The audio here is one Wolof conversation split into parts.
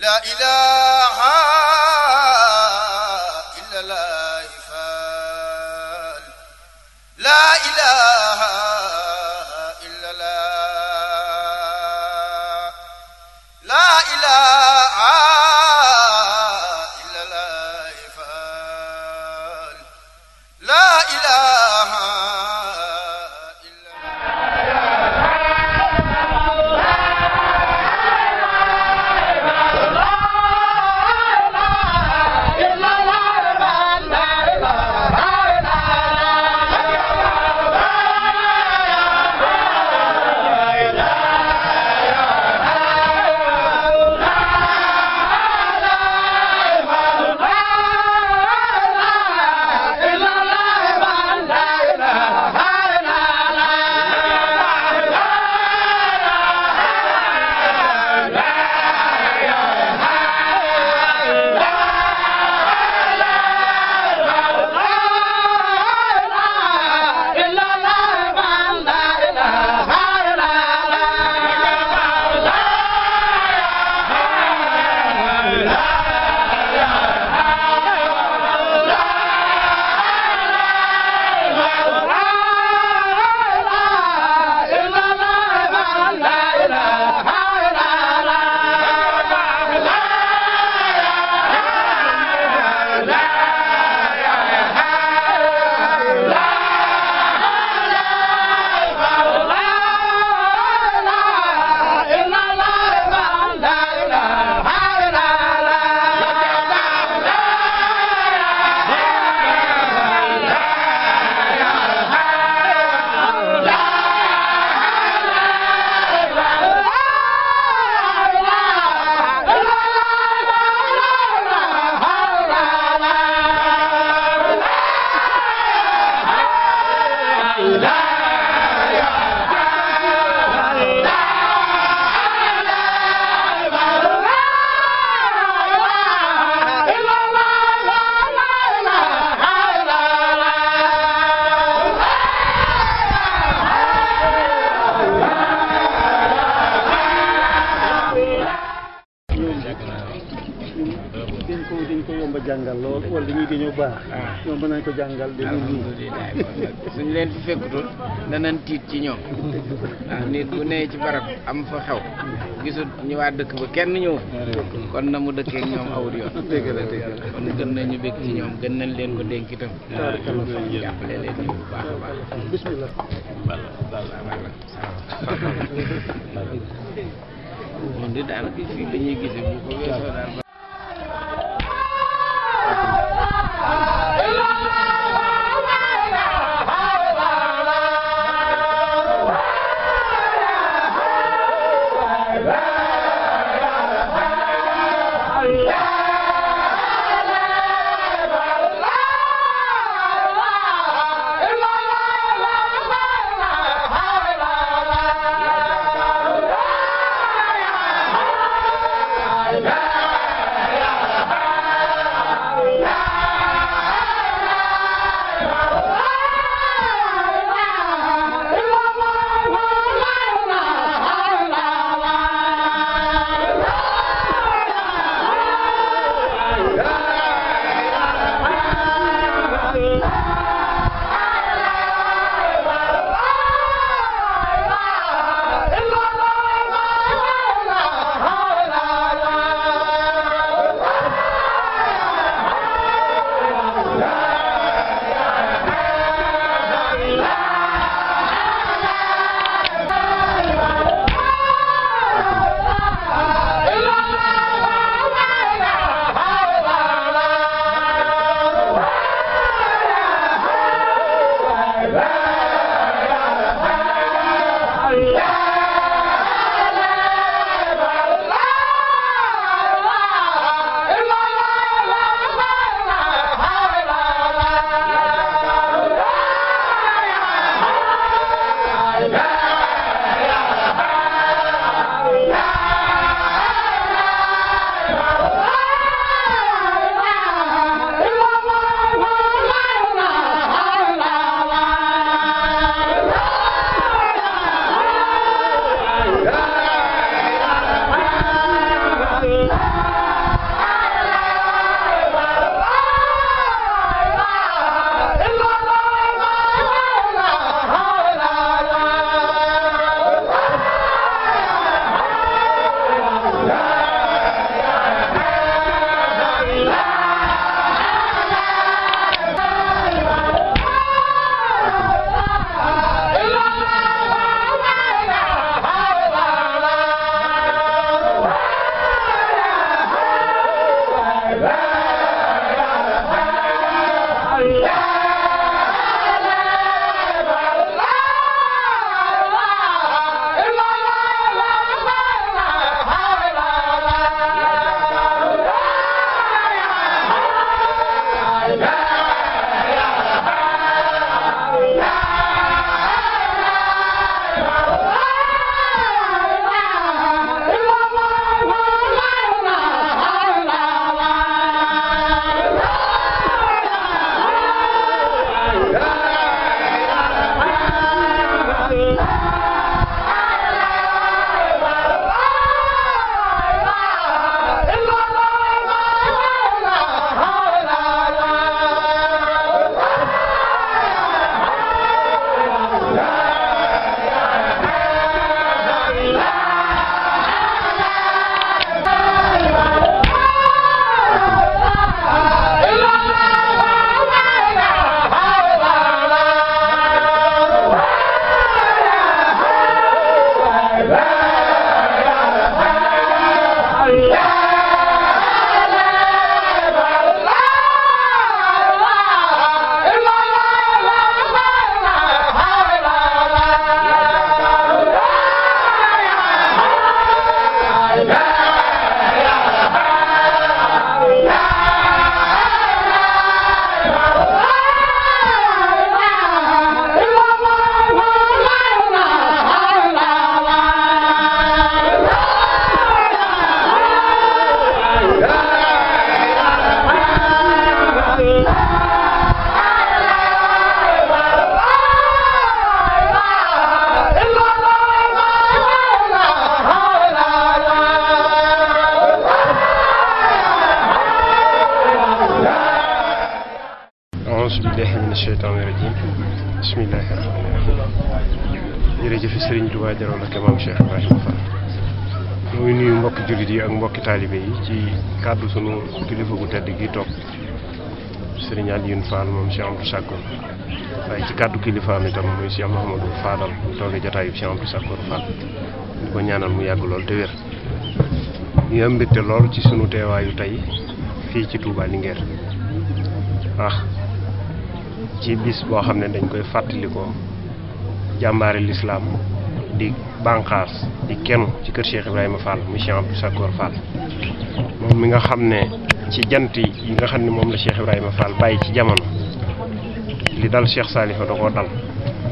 لا إله ko dañ ko yomb a jàngal lool wala dañuy dañoo baax. waaw ah. ñoom mën nañ ko jàngal. alhamdulilah suñ leen fi fekkutul danañ tiit ci ñoom. ndax nit bu nee ci barab am fa xew. gisut ñu waa dëkk ba kenn ñëw. kon na mu dëkkee ñoom awut yoon. dëgg la dëgg la kon gën nañu bëgg ci ñoom gën nañ leen ko dénk itam. waaw jàppale leen ñu bu baax a baax. bismillah. moom di daanaka fii la ñuy gisee bu ko weesoo daal sheytaani rajiim bismillaahi rahmaani rahiim jërëjëf sëriñ Tuubaa jaroon ak maam Cheikh Ibrahima Fall muy nuyu mbokki jullit yi ci kàddu sunu kilifa gu tedd gi toog sëriñ Alioune Fall moom Cheikh Amadou Sakkour waaye ci kàddu kilifaam itam muy Cheikh Mouhamadou Fadal mu toogee jotaayu Cheikh lool ci sunu teewaayu tey fii ci Touba Linguère ah ci bis boo xam ne dañ koy fàttalikoo jàmbaari lislaam di bànqaas di kenn ci kër Cheikh Ibrahima Fall muy Cheikh Abdou Sakoor Fall moom mi nga xam ne ci jant yi nga xam ne moom la Cheikh Ibrahima Fall bàyyi ci jamono li dal Cheikh Salifa da koo dal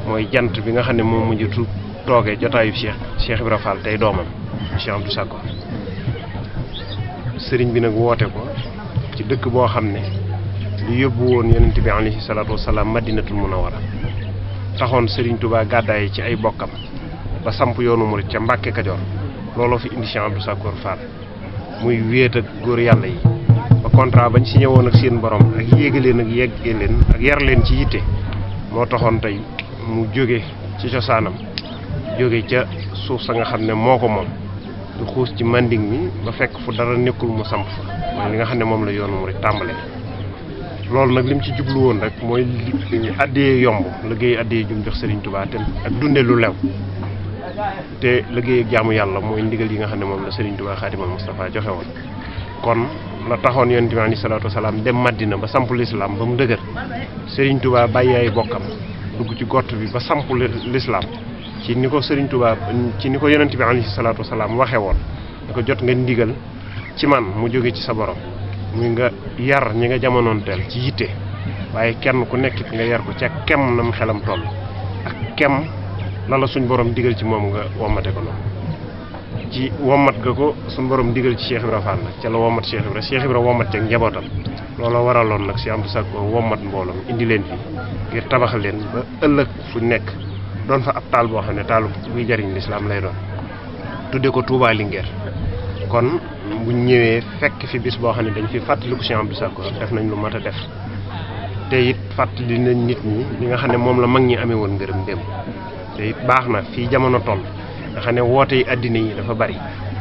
mooy jant bi nga xam ne moom mujj tu toogee jotaayu Cheikh Cheikh Ibrahima Fall tey doomam Cheikh Abdou Sakoor sëriñ bi nag woote ko ci dëkk boo xam ne li yóbbu woon yonent bi alayhi salaatu wasalaam madinatul munawara taxoon sëriñ Touba gàddaay ci ay bokkam ba samp yoonu murit ca Mbàkke Kajoor looloo fi indi Cheikh Abdou Sakor Fall muy wéet ak góor yàlla yi ba contrat bañ signé woon ak seen borom ak yéege leen ak yeggee leen ak yar leen ci yitte moo taxoon tey mu jóge ci cosaanam jóge ca suuf sa nga xam ne moo ko moom du xuus ci manding mi ba fekk fu dara nekkul mu samp fa mooy li nga xam ne moom la yoonu murit tàmbalee loolu nag li mu ci jublu woon rek mooy addiyee yomb liggéey addiyee jum jox Serigne Touba te ak dunde lu lew te liggéey ak jaamu yàlla mooy ndigal yi nga xam ne moom la Serigne Touba Xaadimal Moustapha joxe woon kon la taxoon yonent bi alayhi salaatu wasalaam dem Madina ba samp lislaam ba mu dëgër Serigne Touba bàyyi ay bokkam dugg ci gott bi ba samp lislaam ci ni ko sëriñ Touba ci ni ko yonent bi alayhi salaatu wasalaam waxe woon da ko jot nga ndigal ci man mu jóge ci sa borom muy nga yar ñi nga jamonoonteel ci yité waye kenn ku nekk nga yar ko ci kem nam xelam toll ak kem la la suñ borom digal ci mom nga womaté ko non ci womat ga ko suñ borom digal ci cheikh ibrahim fall ci la womat cheikh ibrahim cheikh ibrahim womat ci njabootam loola waraloon nag si amdu sakko womat mbolam indi len fi ngir tabaxal len ba ëllëg fu nekk doon fa ab taal boo xam ne taalu buy jariñ lay doon tudde ko touba linguère kon bu ñëwee fekk fi bis boo xam ne dañu fi fàttaliku Cheikh Abdou Sakor def nañ lu mat a def te it fàttali nañ nit ñi li nga xam ne moom la mag ñi amee woon ngërëm démb te baax na fii jamono toll nga xam ne woote yi àddina yi dafa bari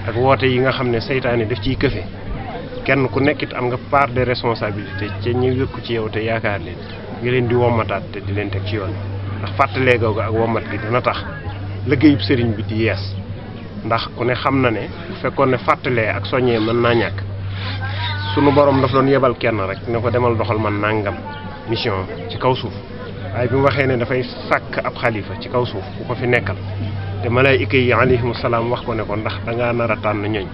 ak woote yi nga xam ne seytaane def ciy këfe kenn ku nekkit am nga part de responsabilité ca ñu yëkku ci yow te yaakaar leen nga leen di wommataat te di leen teg ci yoon ndax fàttalee googu ak wommat bi dina tax liggéeyub sëriñ bi di yees ndax ku ne xam na ne bu fekkoon ne fàttalee ak soññee mën naa ñàkk sunu borom daf doon yebal kenn rek ne ko demal doxal man nàngam mission ci kaw suuf waaye bi waxee ne dafay sàkk ab xalifa ci kaw suuf ku ko fi nekkal te malaayika yi alayhimu salaam wax ko ne ko ndax da ngaa nar a tànn ñooñ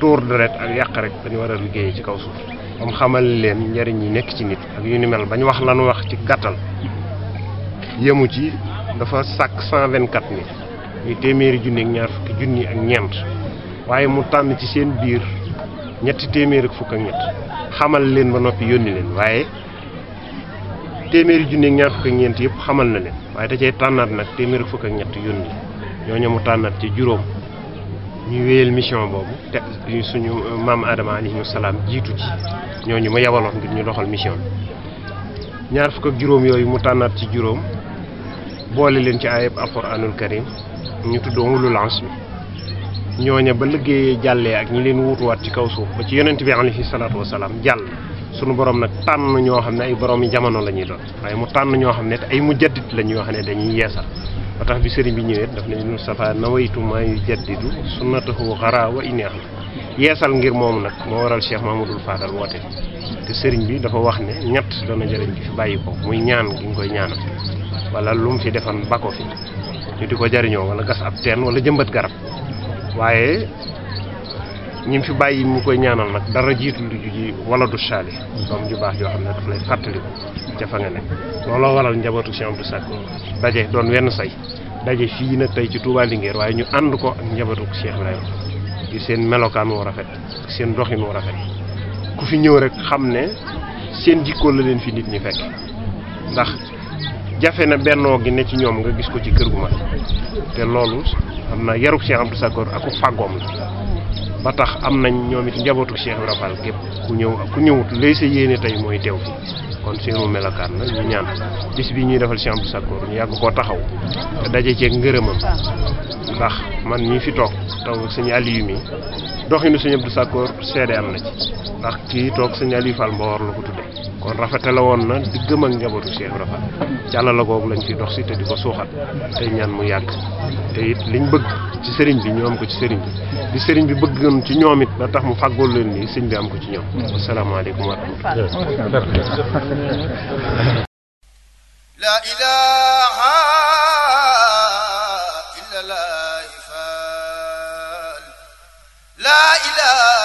tuur deret ak yàq rek dañu war a liggéeyee ci kaw suuf am xamal leen njariñ yi nekk ci nit ak yu ni mel bañ wax lan wax ci gàttal yemu ci dafa sàkk cent vingt-quatre mille muy téeméeri junni ak ñaar ak ñeent waaye mu tànn ci seen biir ñetti téeméer ak fukk ak ñett xamal leen ba noppi yónni leen waaye téeméeri junni ak ñeent yëpp xamal na leen waaye da cay tànnaat nag téeméer ak fukk ak ñett yónni ñooñu mu tànnaat ci juróom ñu wéyal mission boobu te suñu euh, maam Adama alayhi salaam jiitu ci ñooñu ma yabaloon ngir ñu doxal mission bi ñaar fukk ak juróom yooyu mu tànnaat ci juróom boole leen ci ayab alquranul karim ñu tuddoo wululance bi ñooña ba liggéeyee jàllee ak ñi leen wuutuwaat ci kaw suuf ba ci yonent bi alayhi salaatu wasalaam jàll sunu borom nag tànn ñoo xam ne ay boroomi jamono la ñuy doon waaye mu tànn ñoo xam ne te ay mujaddit la ñoo wax ne dañuy yeesal ba tax bi sëriñ bi ñëwee daf ne na nawaytu maa yu jaddidu sunnatahu xaraa wa la yeesal ngir moomu nag moo waral ma Cheikh Mahmoudul Fadal woote te sëriñ bi dafa wax ne ñett dana jëriñ ci fi bàyyi ko ñaan gi koy ñaanal wala lu mu fi defan ba ñu di ko jariñoo wala gas ab ten wala jëmbat garab waaye ñim fi bayyi mu koy ñaanal nak dara jiitul ju ji wala du saali doom ju baax joo xamne dafa lay fatali ja fa nga ne lolo waral njabotu Cheikh Abdou sakko dajé doon wenn say dajé fi nag tay ci Touba Linguère waaye ñu and ko ak njabotu Cheikh ibrahim di seen melokan wu rafet seen doxin wu rafet ku fi ñew rek xamne seen jikko la leen fi nit ñi fekk ndax jafe na bennoo gi ne ci ñoom nga gis ko ci kër gu mag te loolu am na yarub Cheikh Abdou Sakor ak fàggoom la ba tax am nañ ñoom it njabootu Cheikh Ibra gépp ku ñëw ku ñëwut lay sa yéene tey mooy teew fi kon seenu melokaan la ñu ñaan bis bi ñuy defal Cheikh Abdou Sakor ñu yàgg koo taxaw te daje ceeg ngërëmam ndax man mii fi tok taw ak sëñ Aliou mi doxinu señ Abdou Sakor seedeel na ci ndax ki tok sëñ Aliou Fall mbor la ko tudde kon rafete la woon na diggam ak njabootu Cheikh Rafa jalla la gog lañ fi dox ci te di ko suuxat ñaan mu yàgg te it liñ bëgg ci señ bi ñoom ko ci señ bi di señ bi bëggoon ci ñoom it da tax mu fagol leen ni señ bi am ko ci ñoom alaykum wa rahmatulah la ilaha لا إله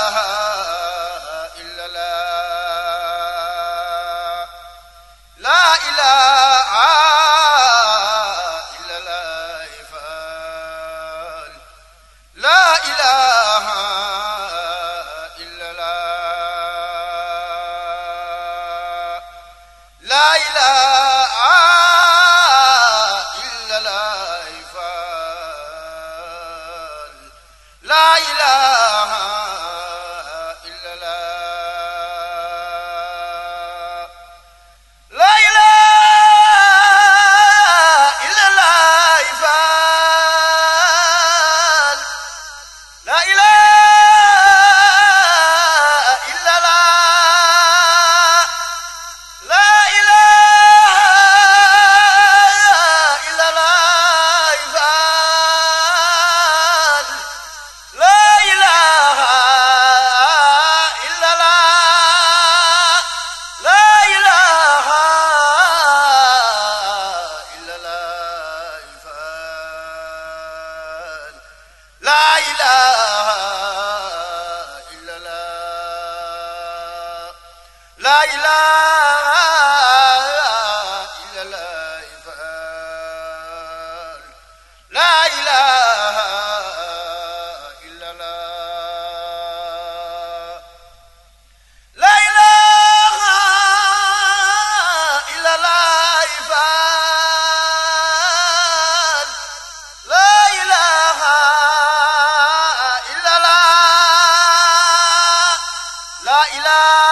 ilaha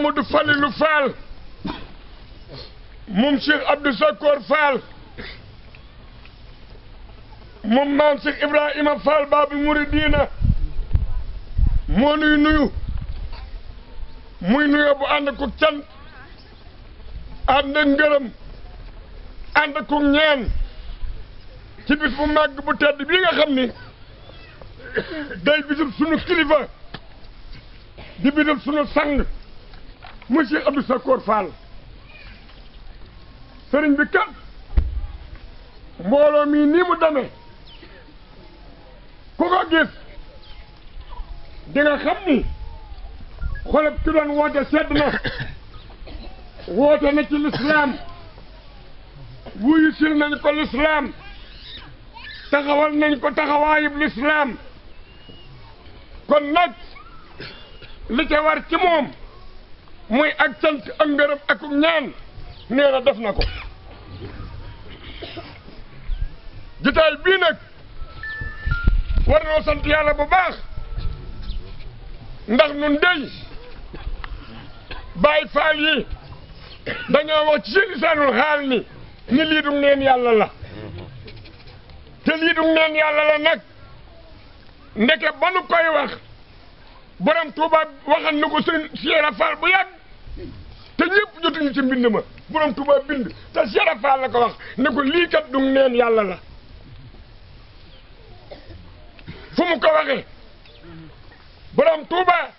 Mamadou Falilou Fall moom Cheikh Abdou Sakor Fall moom maam Cheikh Ibrahima Fall Babu Mouridina moo nuy nuyu muy nuyoo bu ànd ku cant ànd ngërëm ànd ku ñaan ci bis bu màgg bu tedd bii nga xam ni day bisub sunu kilifa di bisub sunu sang monsieur Abdou Sakor Fall sëriñ bi kat mbooloo mii nii mu demee ku gis di nga xam ni xolab ki doon woote sedd na woote na ci lislaam wuyu sil ko lislaam taxawal nañ ko taxawaayub lislaam kon nag li ca war ci moom moy ak cant ak ngërëm ak ñaan neena def nako ko jotaay bii nag war noo sant yalla bu baax ndax nun dey bay Faal yi dañu wax ci seen lisaanul xaal ni ni li dum neen yalla la te li dum neen yalla la nak ndeke banu koy wax borom Tuuba waxal nako sen seen Seera Faal bu yàgg te ñëpp jotuñu ci mbind ma borom Tuubaa bind te Serapal la ko wax ne ko lii kat du neen yàlla la fu mu ko waxee borom Tuubaa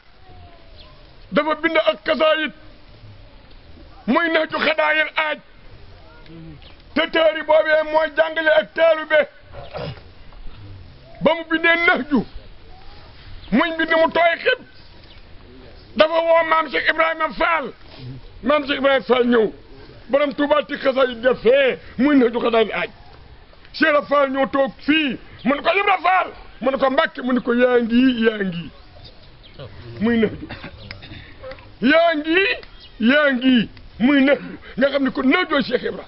dafa bind ak kasaayit muy naxju xadaayil aaj te tëëri boobee mooy jàngale ak taalube ba mu bindee naxju muy mbind mu tooy xib dafa woo maam Cheikh Ibrahima Fall. maam Cheikh Ibrahima Fall ñëw borom Touba ti xasay defee muy na ju ko daan aaj Cheikh Ibra toog fii mu ne ko Ibra Fall ko yaa ngi yaa ngi muy na yaa ngi muy na ju nga xam ne ko na joo Cheikh Ibra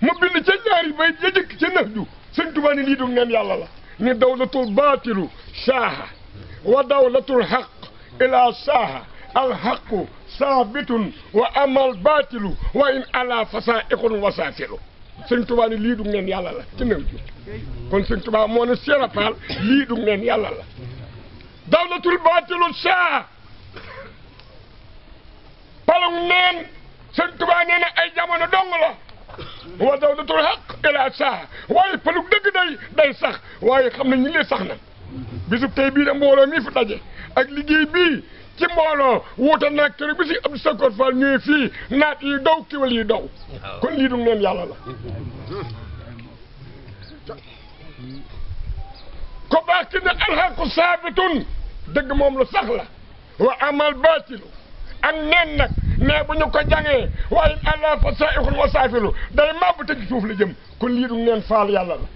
mu bind ca ñaari bay ja jëkk ca na ju lii du ngeen yàlla la ni dawlatul baatilu saaha wa dawlatul xaq ila saaha alxaqu saabitun wa amal baatilu wa in ala fasaa ikun wasaafilu sëñ tubaa ne lii du ngeen yàlla la ci nem kon sëñ tubaa moo ne Seera Faal lii du ngeen yàlla la dawlatul baatilu saa palug neen sëñ tubaa nee ay jamono dong la dawlatul xaq ila saa waaye palug dëgg day day sax waaye xam ne ñu sax na bisub tey bii da mbooloo mi daje ak liggéey bii ci mbooloo wuute nag kër bi si Abdou Sakor Fall ñëwee fii naat yi daw kiwal yi daw kon lii dum leen yàlla la ko baax ki ne alxaqu saabitun dëgg moom lu sax la wa amal baatilu ak neen nag mais bu ñu ko jàngee waaye allah fa saa'ixun wa saafilu day màbb tëj suuf la jëm kon lii dum leen faal yàlla la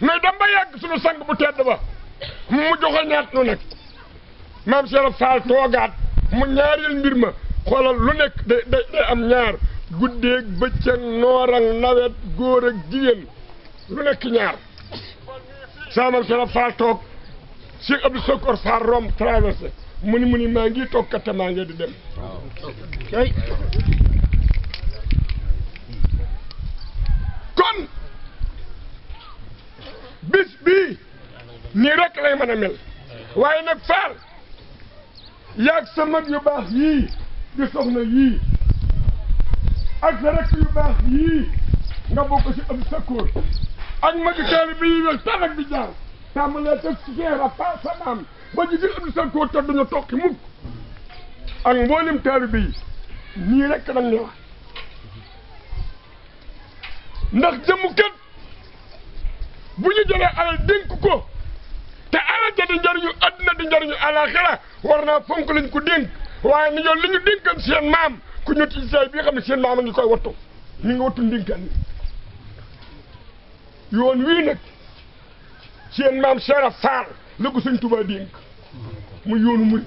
mais dam ba yàgg suñu sang bu tedd ba mu joxoñaat nu nag maam Serap Fall toogaat mu ñaareel mbir ma xoolal lu nekk day day am ñaar guddeeg bëccëg noor nawet góor ak lu nekk ñaar saa maam Serap Fall toog Cheikh Abdou Sokor Fall romb traversé mu ni mu ni maa ngi toog maa ngi di dem kon bis nii rek lay mën a mel waaye nag faal yaag sa mag yu baax yii di soxna yii ak sa rek yu baax yii nga bokk ci am sakkoor ak magi taali bi yi wél tanak bi jaar tàmbalee teg si seer a pa sa maam ba ji di am te duñu tokki mukk ak mboolem taali bi yi nii rek dañ lay wax ndax jëmu kat bu ñu jëlee alal dénk ko te alal ja di njariñu adduna di njariñu alaxira war naa fonk lañ ko dénk waaye ni yoon li ñu dénkam maam ku ñu ci say bi xam ne seen maam a ngi koy wattu ñu ngi wattu ndénkaan ni yoon wii nag seen maam Cheikh Fall la ko sëñ Tuubaa mu yoonu muy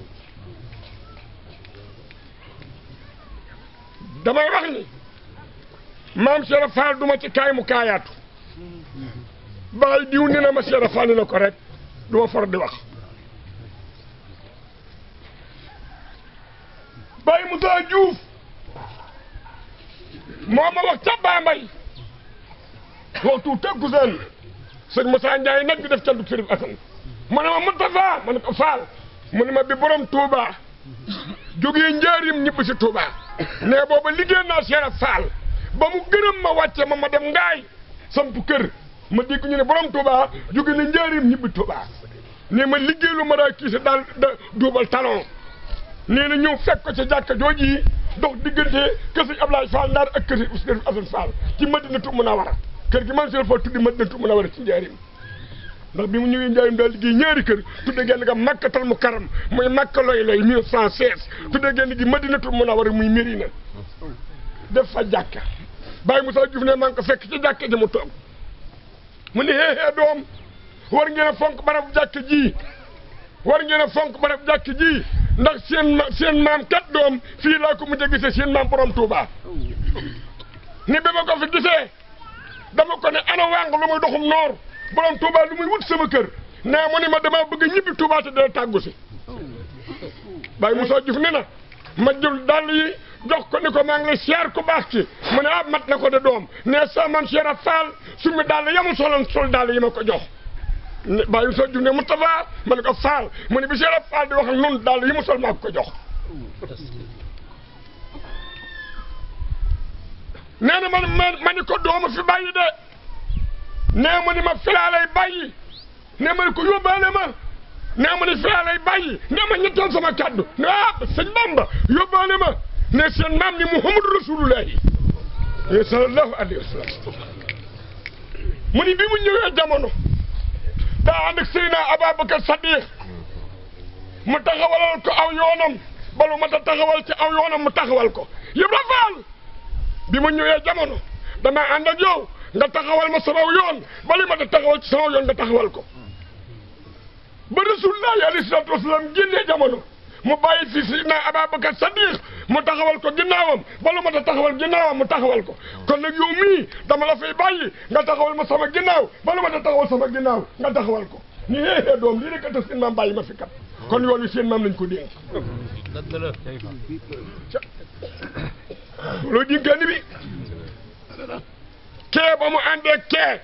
damay wax ni maam Cheikh Fall du ma ci kaay mu kaayaatu bàyyi diw ni na ma Cheikh Fall ni na ko rek du ma faral di wax Baye Moussa Diouf moo ma wax ca Bambey waxtu takkusaan sëñ Moussa Ndiaye nag di def cantu Sëriñ Assane ma ne ma Moustapha ma ne mu ne ma bi borom Touba jógee njaarim ñibbi si Touba ne booba liggéey naa Cheikh Fall ba mu gërëm ma wàcce ma ma dem ngaay samp kër ma dégg ñu ne borom Touba jóge na njaareem ñibbi Touba ne ma liggéeylu ma daa kiise daal da duubal talon nee na ñëw fekk ko ca jàkka jooju yi dox diggante kër sëñ Ablaye Fall ndaar ak kër sëñ Ousseynou Assane Fall ci Madinatu Munawara kër gi man seel fa tuddi Madinatu Munawara ci njaareem ndax bi mu ñëwee njaarim daal liggéey ñaari kër tudde genn ga màkkatal mu karam muy màkka loy loy mille cent seize tudde genn gi madinatu munawara muy Mérina def fa jàkka Baye Moussa Diouf ne maa ngi ko fekk ci jàkka toog mune he he dom war ngeena fonk barab jakk ji war ngeena fonk barab jakk ji ndax sen sen mam kat dom fi la ko mu a sen mam borom Touba ni be mako fi gisse dama ko ne ana wang lu muy doxum nor borom Touba lu muy wut sama keur mo ne ma dama bëgg a Touba te da tagusi si Baye Moussa ne na ma jul dal yi jox ko ni ko maa ngi siyaar ku baax ci mu ne ah mat na ko de doom ne sa maam a Ibra Fall suñu daal yamu soloon sol daal yi ma ko jox. bàyyi soo jum ne Moustapha ma mu ne bi Cheikh Ibra Fall di wax nun daal yi sol maa ko jox. nee na man ma ni ko doomu fi bàyyi de nee mu ni ma filaa lay bàyyi nee ma ni ko yóbbaale ma nee ma ni filaa lay bàyyi nee ma ñettoon sama kàddu ah sëñ Bamba yóbbaale ma. Nasional mam ni muhammad rasulullah sallallahu Alaihi Wasallam. muni mu ni bi mu jamono ta and ak sayna ababakar Sadiq mu taxawal ko aw yonam balu mata taxawal ci aw yonam mu taxawal ko yeb la faal bi mu jamono dama and ak yow nga taxawal ma sama yon balu mata taxawal ci sama yon nga taxawal ko ba rasulullah alayhi salaatu wasalaam jamono mu na fi sayna ababakar Sadiq mu taxawal ko ginnaawam ba lu ma a taxawal ginnaawam mu taxawal ko kon nag yow mii dama la fay bàyyi nga taxawal ma sama ginnaaw ba lu ma a taxawal sama ginnaaw nga taxawal ko ni xeexee doom lii rek a tax seen maam bàyyi ma fi kat kon yoon wi seen maam lañ ko dénk loolu dinkaan bi kee ba mu àndee kee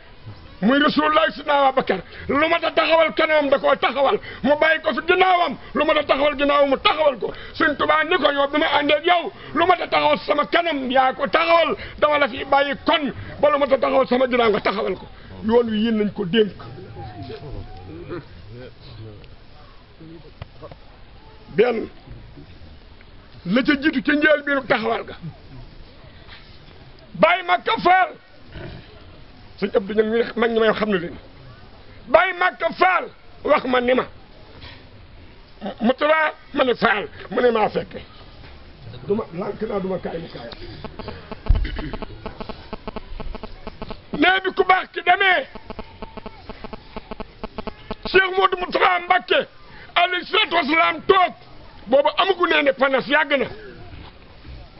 muy rasulullahi sidna Abubakar lu ma ta taxawal kanamam da koo taxawal mu bàyyi ko fi ginnaawam lu ma ta taxawal ginnaawam mu taxawal ko Sëñ Tuubaa ni ko yow bi ma àndeeg yow lu ma ta taxawal sama kanam yaa ko taxawal dama la fi bàyyi kon ba lu ma ta taxawal sama ginnaaw nga taxawal ko yoon wi yéen nañ ko dénk benn la ca jiitu ca njël biiru taxawal ga bàyyi ma ka suñ Abdou ñag ñu mag ñi may xam na leen bàyyi màkka faal wax ma ni ma mu turaa ma ne faal mu ne maa fekke duma lànk naa duma kaay mu kaaya nee bi ku baax ki demee Cheikh Modou Moustapha Mbacké alayhi salaatu wasalaam toog boobu amagu nee ne panas yàgg na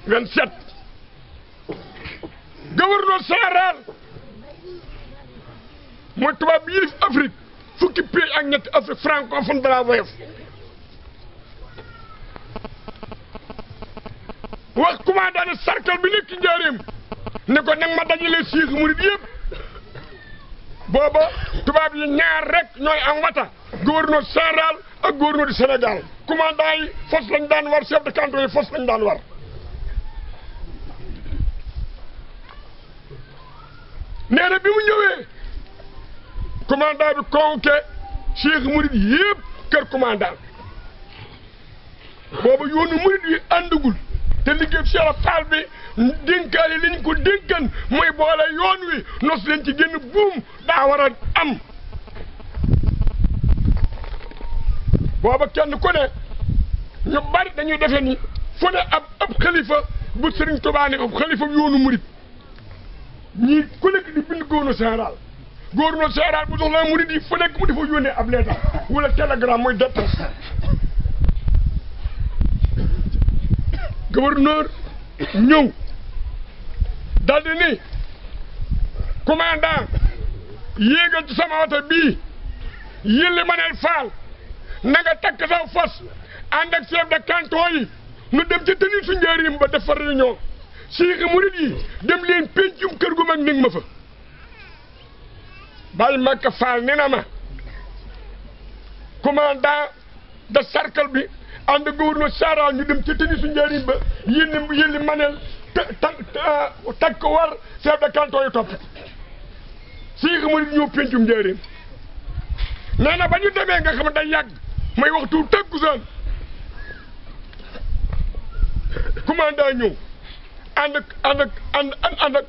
27 gouverneur général mooy tubaab yilif Afrique fukki pays ak ñetti Afrique francophone balaa woyof wax commandant de cercle bi nekk njaareem ne ko nag ma dajale siix murid yëpp booba tubaab yi ñaar rek ñooy am wata gouverneur général ak gouverneur du Sénégal commandant yi fos lañ daan war chef de canton yi fos lañ daan war nee bi mu ñëwee commandant bi convoqué cheikh murid yëpp kër commandant bi boobu yoonu murid yi àndugul te liggéey Cheikh Fall bi dénkaale li ñu ko dénkan mooy boole yoon wi nos leen ci génn buum daa war a am booba kenn ku ñu bari dañuy defe ni ab ab xalifa bu Sëriñ Tuubaa ab xalifa yoonu murid ñii ku nekk di bind góono général gouvernement général bu jox la murid yi fa mu dafa yónnee ab leeta wala télégramme mooy détresse gouverneur ñëw daal di ni commandant yéegal ci sama oto bii yëlli manel faal na nga saw fas ànd ak chef de canton yi nu dem ci tenue su njëriñ ba defar réunion Cheikh murid yi dem leen pencum kër gu mag ning ma fa bàyyi Mbàkke Faal ni na ma commandant de cercle bi ànd gouverneur Sara ñu dem ci teni su njëriñ ba yénni yénni maneel tag ah, ko war chef de canton yu topp sii xama nit ñëw péncum nee na ba ñu demee nga xam ne yàgg may waxtu tëkkusaan commandant ñëw ànd ak ànd ak ànd ànd ak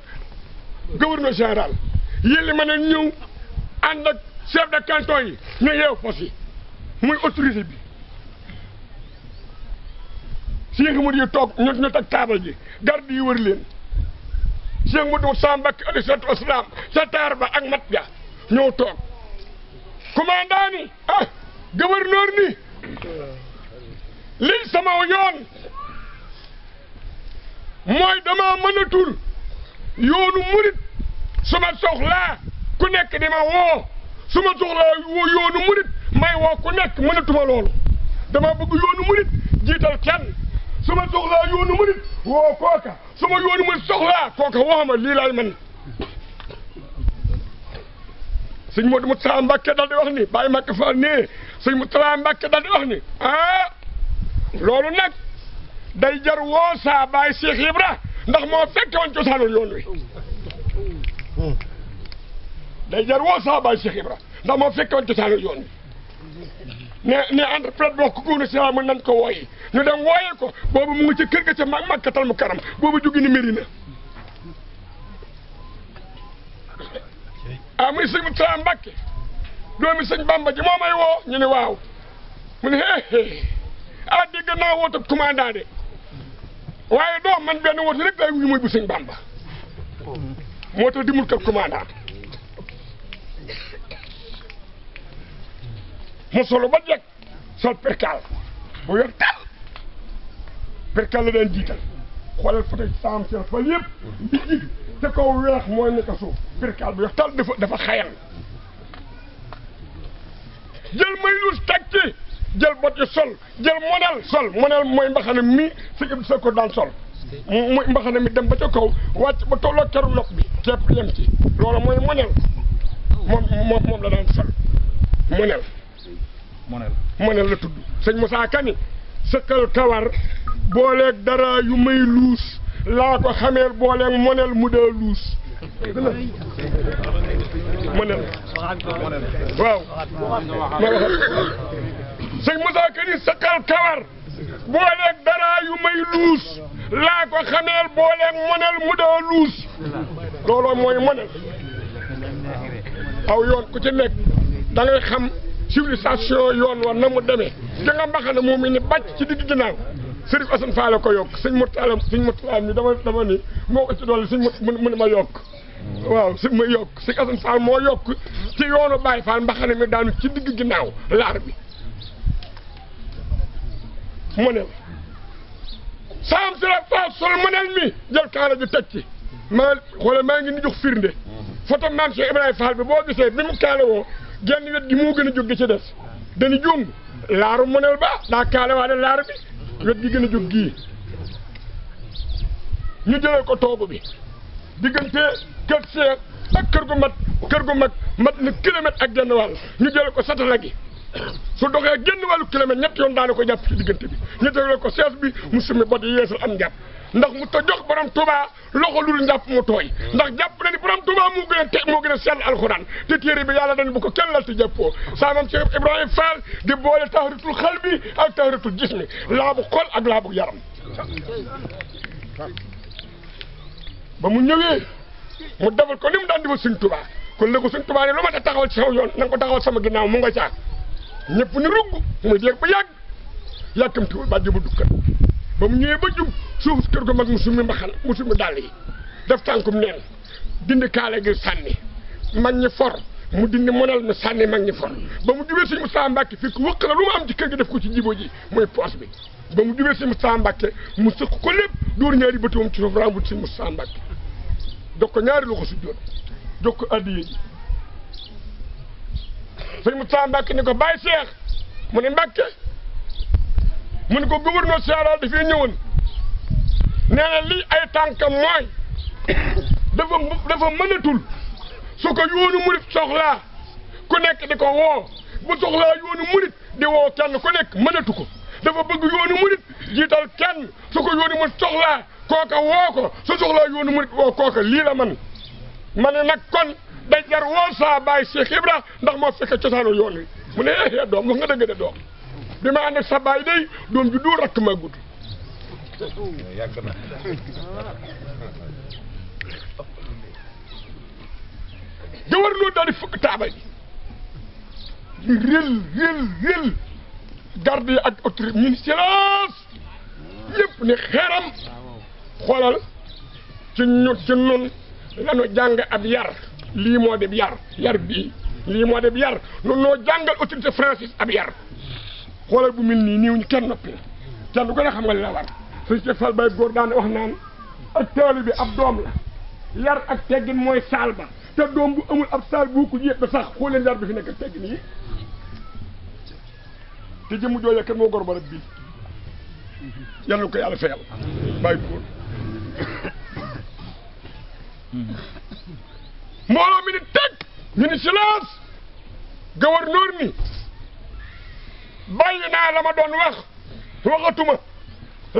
gouverneur général yéen ànd ak chef de canton yi ñu yeew fos yi muy autorité bi Cheikh Mourid yi toog ñu ñu teg taabal ji garde yi wër leen Cheikh Mourid sa mbakk ali satu ba ak mat ga ñëw toog commandant ni ah, ni lii sama yoon mooy dama mënatul yoonu murit sama soxlaa ku nekk di ma woo su ma soxlaa woo yoonu murit may woo ku nekk mënatuma loolu dama bëgg yoonu murit jiital kenn su ma soxlaa yoonu murit woo kooka su ma yoonu murit soxlaa kooka woo ma lii laay mën sëñ Modou Moustapha Mbacké dal di wax ni Baye Mbacké Fall nee sëñ Moustapha Mbacké dal di wax ni ah loolu nag day jar woo saa Baye Cheikh Ibra ndax moo fekke woon cosaanu yoon wi day jar woo saa baay Cheikh Ibra ndax moo fekkoon cosaanu yoon bi ne ne entrepreneur boo ko góor a mën nañ ko wooyee ñu dem wooyee ko boobu mu ngi ci kër ga ca mag makkatal mu karam boobu jógi ni Medina ah muy sëñ Moustapha Mbacké doomi sëñ Bamba ji moo may woo ñu ne waaw mu ne hee ah dégg naa woote commandant de waaye doo man benn woote rek day wuyu muy bu sëñ Bamba moo tax dimul kër commandant mu solo ba jekk sol perkaal bu yor tal perkaal la daan jiital xoolal photo saam seen fal yëpp di jiitu te weex mooy nekk suuf perkaal bu yor tal dafa dafa xayan jël maylus tàcce jël bot yi sol jël modèle sol modèle mooy mbaxana mi si ib sa ko daan sol mooy mbaxana mi dem ba ca kaw wàcc ba tolloo keru bi képp yem ci loolu mooy modèle moom moom la daan sol modèle mëneel mëneel la tudd sëñ Moussa Kani sëkkal kawar booleeg dara yu may luus laa ko xameel booleeg mëneel mu dee luus yu may looloo mooy mëneel aw yoon ku ci nekk da xam civilisation yoon wa na mu demee da nga mbaxa ne moom i ni ci digg ginnaaw Serigne Assane Fall ko yokk sëñ Mourtala sëñ Mourtala mi dama dama ni moo ko ci doole sëñ mu ne yokk waaw si ma yokk sëñ Assane Fall moo yokk ci yoonu Baye Fall mbaxa mi daanu ci digg ginnaaw laar bi mu ne saam si la fa sol mu nel mi jël kaala ju teg ci maa xoolal maa ngi ni firnde photo maam Cheikh Ibrahima Fall bi boo gisee bi mu kaala woo genn wet gi moo gën a jóg di ci des dañu jung laaru mënel ba daa kaale waale laar bi wet gi gën a jóg gii ñu jëlee ko toogu bi diggante kër seer ak kër gu mat kër gu mag mat na kilomètre ak genn wàll ñu jëlee ko satala gi su doxee génn wàllu kilomètre ñetti yoon daana ko jàpp ci diggante bi ñetteel ko sees bi mu summi bot yi yeesal am jàpp ndax mu ta jox borom Touba loxo lu dul njàpp mu tooy ndax jàpp na ni borom Touba moo gën a te moo gën a sell alxuraan te téere bi yàlla dañ bu ko kenn lal te jàppoo saamam Cheikh Ibrahima Fall di boole tahritul xal bi ak tahritul jismi laabu xol ak laabu yaram ba mu ñëwee mu defal ko ni mu daan defal suñ Touba kon la ko suñ Touba ne lu ci saw yoon ko taxawal sama ginnaaw mu nga caag ñëpp ni rugg mooy léeg ba yàgg yàkkamtiwul bàjj ba dukkan ba mu ñëwee ba jub suuf kër ko mag musu mi mbaxal musu mi dàll yi def tànkum neen dindi kaale gi sànni mag ñi for mu dindi monal mi sànni mag ñi for ba mu jubee sëñ Moussa Mbacke fekk wëq lu mu am ci kër gi def ko ci jibo ji mooy poos bi ba mu jubee sëñ Moussa Mbacke mu sëq ko lépp dóor ñaari bëtam ci suuf rambut mu Moussa Mbacke dog ko ñaari loxo su jóot dog ko addiye sëñ Moustapha Mbacke ni ko bàyyi Cheikh mu ne Mbacke mu ni ko gouverneur général dafay ñëwoon nee na lii ay tànkam mooy dafa dafa mënatul su ko yoonu murit soxlaa ku nekk di ko woo bu soxlaa yoonu murit di woo kenn ku nekk mënatu ko dafa bëgg yoonu murit jiital kenn su ko yoonu murit soxlaa kooka woo ko su soxlaa yoonu murit woo kooka lii la man ma ne nag kon day jar woo saa bàyyi Cheikh Ibra ndax moo fekk cosaanu yoon wi mu ne eh ya doom wax nga dëgg de doom bi ma sa bàyyi day doom ju dul rakk ma gudd. jawar loo daal di fukk taaba di rël rël rël garde ak autorité ñun silence ñëpp ne xeeram ci ñun ci ñun lanu ab yar. lii moo deb yar yar bii lii moo deb yar noonu noo jàngal autorité française ab yar xoolal bu mel nii niiw ñu kenn noppi kenn ko ne xam nga li la war sëñ Cheikh Fall Baye góor daan wax naan ak taali bi ab doom la yar ak teggin mooy saal ba te doom bu amul ab saal boo ko yéet ba sax xooleen yar bi fi nekk teggin yi te jëmu jooyee kenn moo gor barab bii yàlla ko yàlla fayal Baye góor mbooloo mi ni teg ñu ni silence gouverneur ni naa la ma doon wax waxatuma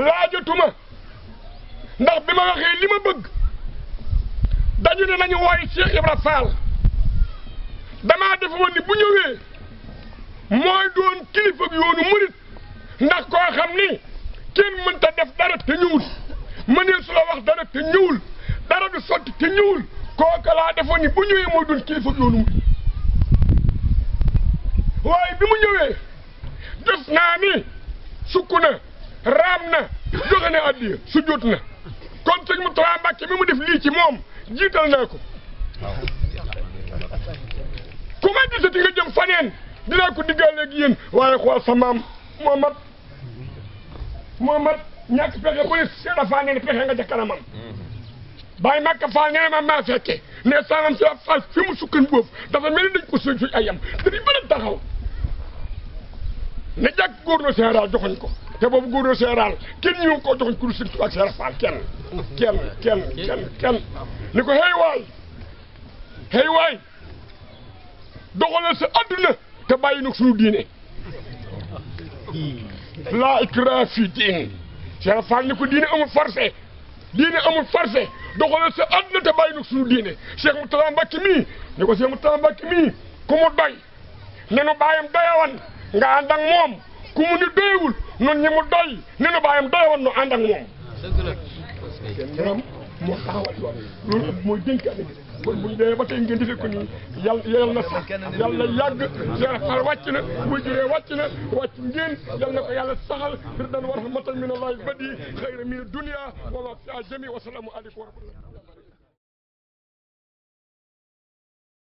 laajatuma ndax bi ma waxee li ma bëgg dañu ne nañu wooy Cheikh Ibra Fall damaa defe woon ni bu ñëwee mooy doon kilifa bi yoonu murit ndax koo xam ni kenn mënta def dara te ñëwul mën su la wax dara te ñëwul dara du sotti te ñëwul kooka laa defoon bu ñëwee mooy doon kilifa yoonu mu waaye bi mu ñëwee def naa sukk na raam na joxe na addiya na kon sëñ mu tara Mbàkke mi mu def lii moom jiital naa ko ku ma gisati nga jëm faneen dinaa ko diggaale ak yéen waaye xool sa maam moo mat moo mat pexe bu ne seera pexe nga ca bàyyi Màkka Fall nee na ma maa fekkee mais saanam si fi mu sukkan boobu dafa mel ni dañ ko suñ suñ ay yam dañuy taxaw ne jàkk gouverneur général joxoñ ko te boobu gouverneur général kenn ñu ko joxoñ ko du Sëriñ Tuubaa ak Cheikh Fall kenn kenn kenn kenn kenn ni ko hey waay hey waay doxalal sa adduna te bàyyi nag suñu diine laa ikraaha fi diin Cheikh Fall ni ko diine amul forcé diine amul forcé doxalal sa àdduna te bàyyi nag suñu diine Cheikh Mourtada Mbacké mii ne ko Cheikh Mourtada Mbacké mii ku mu doy ne nu bàyyam doyawan nga ànd moom ku mu ni doyewul noonu ñi mu doy ne nu bàyyam doyawan nu ànd moom. bu buñ dee ba tey ngeen defee ko nii yàlla yàlla na sax yàlla yàgg Cheikh Afar wàcc na bu juree wàcc na wàcc ngeen yàlla na ko yàlla saxal firdan wa rahmatan min allahi badi xayra min dunia wala fi ajami wasalaamu aleykum wa rahmatullah